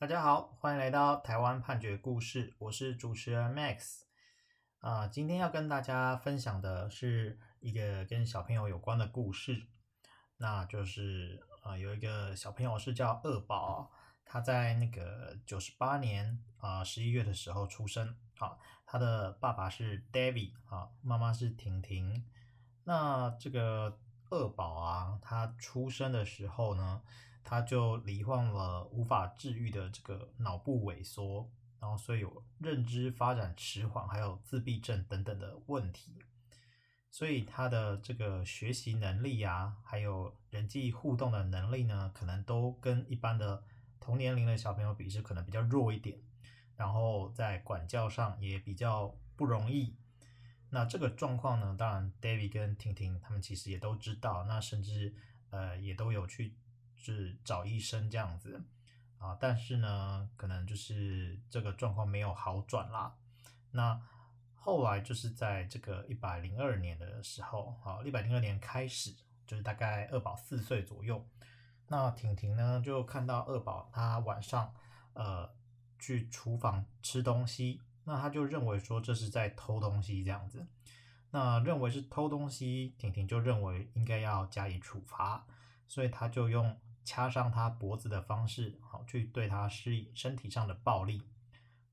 大家好，歡迎來到台灣判決故事，我是主持人 Max。啊、呃，今天要跟大家分享的是一個跟小朋友有關的故事。那就是啊、呃，有一個小朋友是叫二寶，他在那個九十八年啊十一月的時候出生。好、啊，他的爸爸是 David 啊，媽媽是婷婷。那這個二寶啊，他出生的時候呢，他就罹患了無法治癒的這個腦部萎縮，然後所以有認知發展遲緩，還有自閉症等等的問題，所以他的這個學習能力呀、啊，還有人際互動的能力呢，可能都跟一般的同年齡的小朋友比是可能比較弱一點，然後在管教上也比較不容易。那這個狀況呢，當然 David 跟婷婷他們其實也都知道，那甚至呃也都有去。是找醫生這樣子啊，但是呢，可能就是這個狀況沒有好轉啦。那後來就是在這個一百零二年的時候，啊一百零二年開始，就是大概二寶四歲左右。那婷婷呢，就看到二寶他晚上呃去廚房吃東西，那他就認為說這是在偷東西這樣子，那認為是偷東西，婷婷就認為應該要加以處罰，所以他就用。掐上他脖子的方式，好去對他施以身體上的暴力。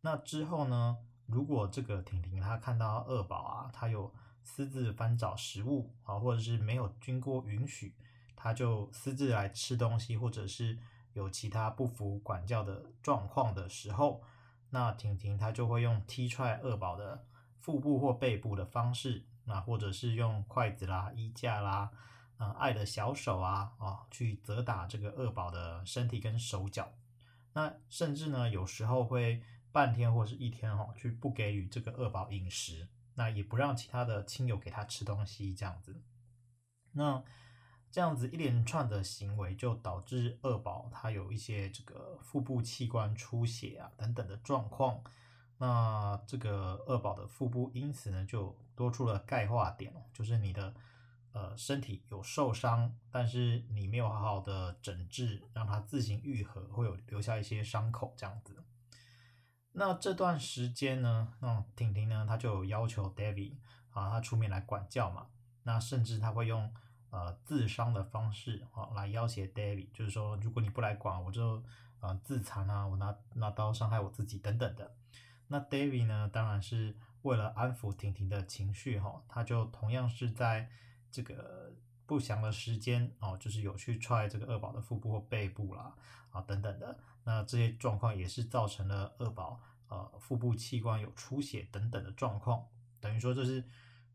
那之後呢？如果這個婷婷她看到二寶啊，她有私自翻找食物啊，或者是沒有經過允許，她就私自來吃東西，或者是有其他不服管教的狀況的時候，那婷婷她就會用踢踹二寶的腹部或背部的方式，那或者是用筷子啦、衣架啦。嗯，愛的小手啊，啊去責打這個二寶的身體跟手腳，那甚至呢，有時候會半天或是一天哦，去不給予這個二寶飲食，那也不讓其他的親友給他吃東西這樣子，那這樣子一連串的行為就導致二寶他有一些這個腹部器官出血啊等等的狀況，那這個二寶的腹部因此呢就多出了鈣化點，就是你的。呃，身體有受傷，但是你沒有好好的診治，讓它自行癒合，會有留下一些傷口這樣子。那這段時間呢，嗯，婷婷呢，她就要求 David 啊，她出面來管教嘛。那甚至她會用呃自傷的方式啊來要挾 David，就是說如果你不來管，我就啊、呃、自殘啊，我拿拿刀傷害我自己等等的。那 David 呢，當然是為了安撫婷婷的情緒哈，他、啊、就同樣是在。這個不詳的時間哦，就是有去踹這個二寶的腹部或背部啦，啊等等的，那這些狀況也是造成了二寶呃腹部器官有出血等等的狀況，等於說就是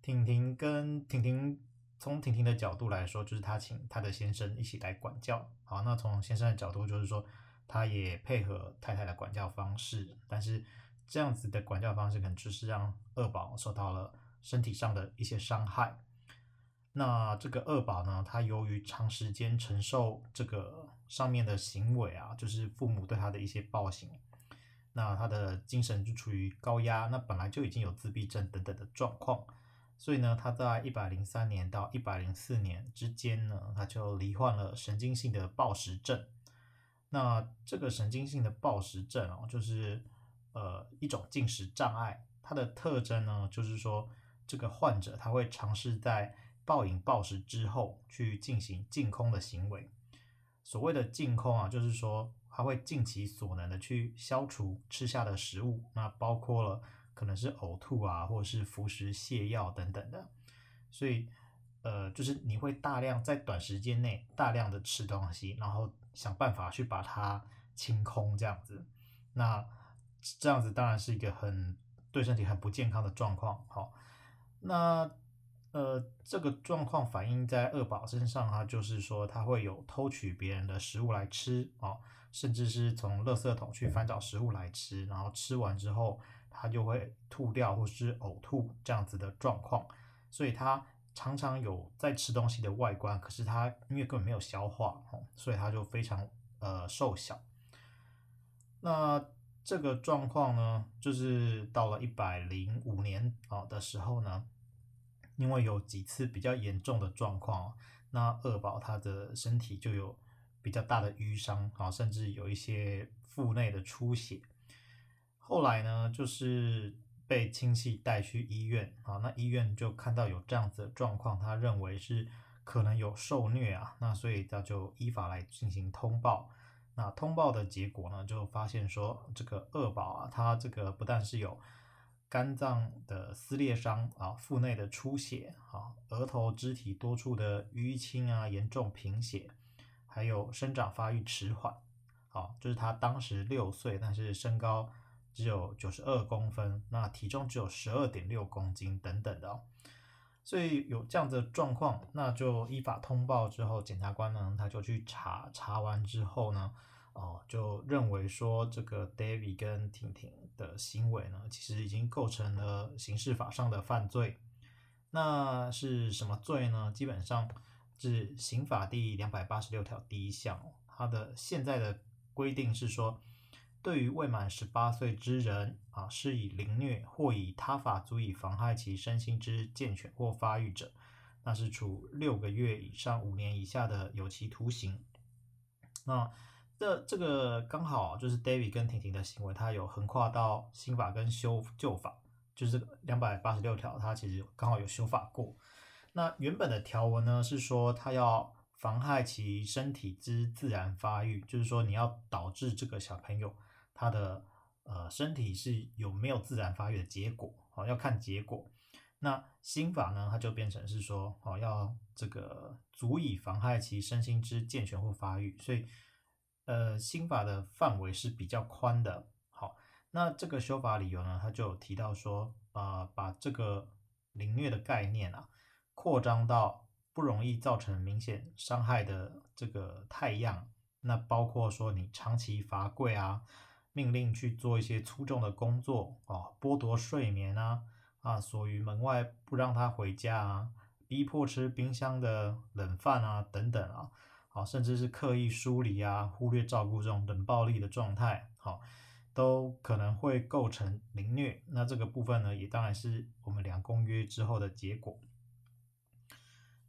婷婷跟婷婷從婷婷的角度來說，就是她請她的先生一起來管教，好，那從先生的角度就是說他也配合太太的管教方式，但是這樣子的管教方式可能就是讓二寶受到了身體上的一些傷害。那這個二寶呢，他由於長時間承受這個上面的行為啊，就是父母對他的一些暴行，那他的精神就處於高壓，那本來就已經有自閉症等等的狀況，所以呢，他在一百零三年到一百零四年之間呢，他就罹患了神經性的暴食症。那這個神經性的暴食症哦，就是呃一種進食障礙，它的特徵呢，就是說，這個患者他會嘗試在暴飲暴食之後去進行淨空的行為，所謂的淨空啊，就是說他會盡其所能的去消除吃下的食物，那包括了可能是嘔吐啊，或者是服食瀉藥等等的，所以呃，就是你會大量在短時間內大量的吃東西，然後想辦法去把它清空這樣子，那這樣子當然是一個很對身體很不健康的狀況，好，哦，那。呃，這個狀況反映在二寶身上啊，就是說他會有偷取別人的食物來吃哦，甚至是從垃圾桶去翻找食物來吃，然後吃完之後，他就會吐掉或是嘔吐這樣子的狀況，所以他常常有在吃東西的外觀，可是他因為根本沒有消化哦，所以他就非常呃瘦小。那這個狀況呢，就是到了一百零五年啊的時候呢。因為有幾次比較嚴重的狀況，那二寶他的身體就有比較大的淤傷啊，甚至有一些腹內的出血。後來呢，就是被親戚帶去醫院啊，那醫院就看到有這樣子的狀況，他認為是可能有受虐啊，那所以他就依法來進行通報。那通報的結果呢，就發現說這個二寶啊，他這個不但是有。肝臟的撕裂傷啊，腹內的出血啊，額頭、肢體多處的淤青啊，嚴重貧血，還有生長發育遲緩，就是他當時六歲，但是身高只有九十二公分，那體重只有十二點六公斤等等的，所以有這樣子的狀況，那就依法通報之後，檢察官呢，他就去查，查完之後呢。哦，就認為說這個 David 跟婷婷的行為呢，其實已經構成了刑事法上的犯罪。那是什麼罪呢？基本上是刑法第兩百八十六條第一項。它的現在的規定是說，對於未滿十八歲之人啊，施以凌虐，或以他法足以妨害其身心之健全或發育者，那是處六個月以上五年以下的有期徒刑。那。這這個剛好就是 David 跟婷婷的行為，他有橫跨到新法跟修舊法，就是這個兩百八十六條，它其實剛好有修法過。那原本的條文呢是說，它要妨害其身體之自然發育，就是說你要導致這個小朋友他的呃身體是有沒有自然發育的結果哦，要看結果。那新法呢，它就變成是說哦要這個足以妨害其身心之健全或發育，所以。呃，新法的範圍是比較寬的。好，那這個修法理由呢，他就有提到說，啊、呃，把這個凌虐的概念啊，擴張到不容易造成明顯傷害的這個態樣，那包括說你長期罰跪啊，命令去做一些粗重的工作啊，剝奪睡眠啊，啊鎖於門外不讓他回家啊，逼迫吃冰箱的冷飯啊，等等啊。好，甚至是刻意疏離啊、忽略照顧這種冷暴力的狀態，好，都可能會構成凌虐。那這個部分呢，也當然是我們兩公約之後的結果。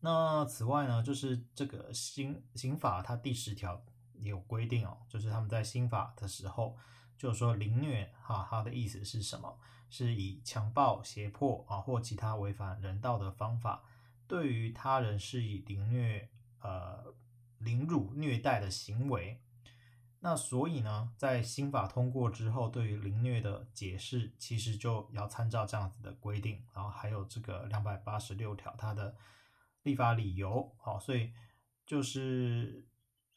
那此外呢，就是這個新刑法它第十條也有規定哦，就是他們在新法的時候，就是說凌虐哈、啊，它的意思是什麼？是以強暴、脅迫啊或其他違反人道的方法，對於他人施以凌虐呃。凌辱虐待的行為，那所以呢，在新法通過之後，對於凌虐的解釋，其實就要參照這樣子的規定，然後還有這個兩百八十六條它的立法理由，好、啊，所以就是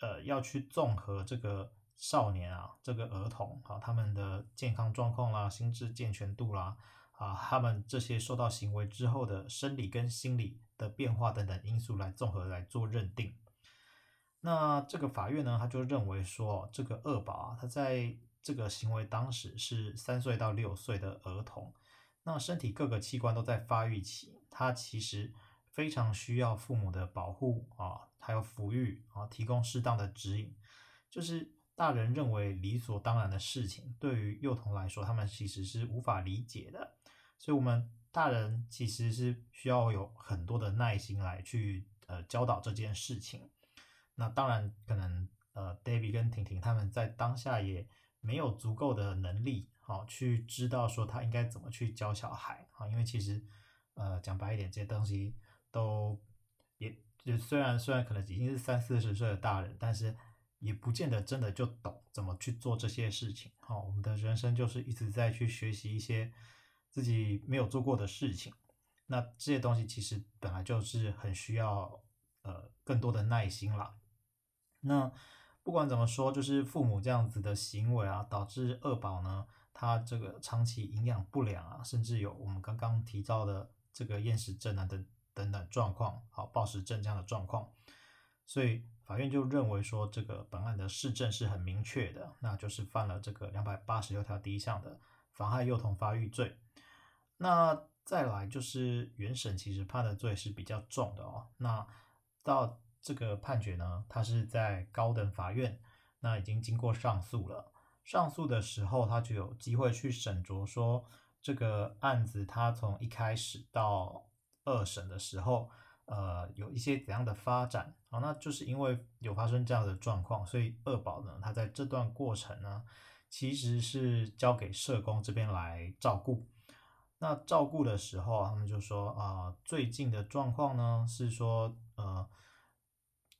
呃要去綜合這個少年啊，這個兒童啊，他們的健康狀況啦、心智健全度啦啊，他們這些受到行為之後的生理跟心理的變化等等因素來綜合來做認定。那這個法院呢，他就認為說，這個二寶啊，他在這個行為當時是三歲到六歲的兒童，那身體各個器官都在發育期，他其實非常需要父母的保護啊，還有撫育啊，提供適當的指引，就是大人認為理所當然的事情，對於幼童來說，他們其實是無法理解的，所以我們大人其實是需要有很多的耐心來去呃教導這件事情。那當然，可能呃，David 跟婷婷他們在當下也沒有足夠的能力，好去知道說他應該怎麼去教小孩啊，因為其實，呃，講白一點，這些東西都也，就雖然雖然可能已經是三四十歲的大人，但是也不見得真的就懂怎麼去做這些事情。好，我們的人生就是一直在去學習一些自己沒有做過的事情，那這些東西其實本來就是很需要呃更多的耐心了。那不管怎麼說，就是父母這樣子的行為啊，導致二寶呢，他這個長期營養不良啊，甚至有我們剛剛提到的這個厭食症啊，等等等狀況，好，暴食症這樣的狀況。所以法院就認為說，這個本案的事證是很明確的，那就是犯了這個兩百八十六條第一項的妨害幼童發育罪。那再來就是原審其實判的罪是比較重的哦，那到。這個判決呢，他是在高等法院，那已經經過上訴了。上訴的時候，他就有機會去審酌說這個案子，他從一開始到二審的時候，呃，有一些怎樣的發展。好、啊，那就是因為有發生這樣的狀況，所以二寶呢，他在這段過程呢，其實是交給社工這邊來照顧。那照顧的時候，他們就說啊、呃，最近的狀況呢，是說呃。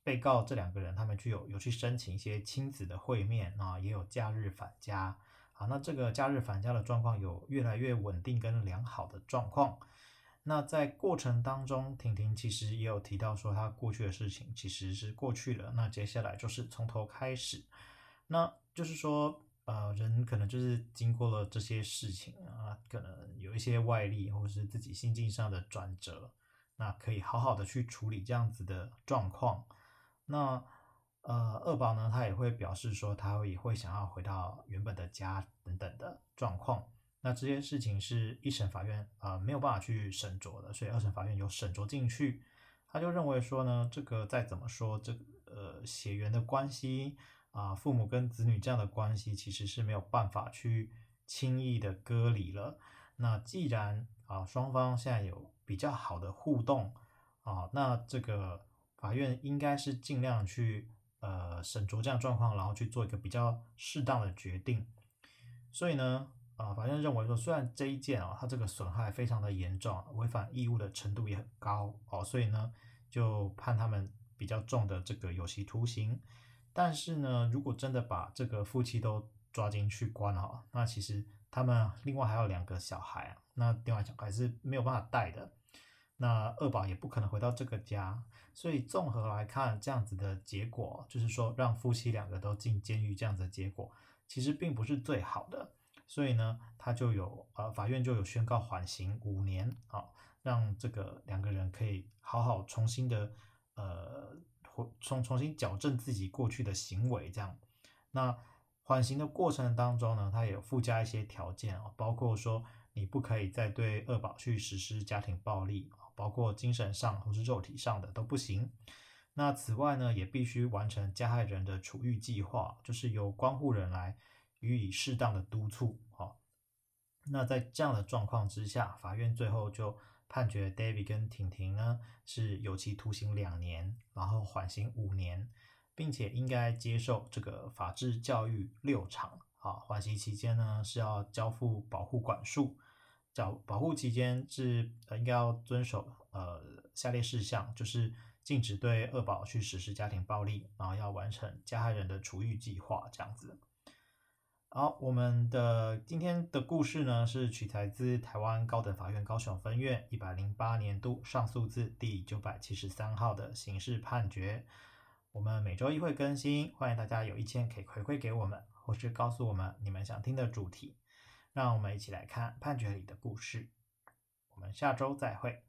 被告這兩個人，他們具有有去申請一些親子的會面啊，也有假日返家啊。那這個假日返家的狀況有越來越穩定跟良好的狀況。那在過程當中，婷婷其實也有提到說，她過去的事情其實是過去了。那接下來就是從頭開始。那就是說，呃，人可能就是經過了這些事情啊，可能有一些外力或者是自己心境上的轉折，那可以好好的去處理這樣子的狀況。那呃，二寶呢，他也會表示說，他也會想要回到原本的家等等的狀況。那這件事情是一審法院啊、呃、沒有辦法去審酌的，所以二審法院有審酌進去，他就認為說呢，這個再怎麼說，這個、呃血緣的關係啊、呃，父母跟子女這樣的關係，其實是沒有辦法去輕易的割離了。那既然啊、呃、雙方現在有比較好的互動啊、呃，那這個。法院應該是盡量去呃審酌這樣的狀況，然後去做一個比較適當的決定。所以呢，啊、呃，法院認為說，雖然這一件啊、哦，它這個損害非常的嚴重，違反義務的程度也很高哦，所以呢，就判他們比較重的這個有期徒刑。但是呢，如果真的把這個夫妻都抓進去關哦，那其實他們另外還有兩個小孩，那另外小孩是沒有辦法帶的。那二寶也不可能回到這個家，所以綜合來看，這樣子的結果就是說，讓夫妻兩個都進監獄，這樣子的結果其實並不是最好的。所以呢，他就有呃，法院就有宣告緩刑五年啊，讓這個兩個人可以好好重新的呃，重重新矯正自己過去的行為這樣。那緩刑的過程當中呢，他也有附加一些條件啊，包括說，你不可以再對二寶去實施家庭暴力，包括精神上或是肉體上的都不行。那此外呢，也必須完成加害人的處遇計劃，就是由觀護人來予以適當的督促啊。那在這樣的狀況之下，法院最後就判決 David 跟婷婷呢是有期徒刑兩年，然後緩刑五年，並且應該接受這個法治教育六場啊。緩刑期間呢是要交付保護管束。保保護期間是呃應該要遵守呃下列事項，就是禁止對二寶去實施家庭暴力，然後要完成加害人的處遇計畫這樣子。好，我們的今天的故事呢是取材自台灣高等法院高雄分院一百零八年度上訴字第九百七十三號的刑事判決。我們每周一會更新，歡迎大家有意見可以回饋給我們，或是告訴我們你們想聽的主題。讓我們一起來看判決裡的故事。我們下周再會。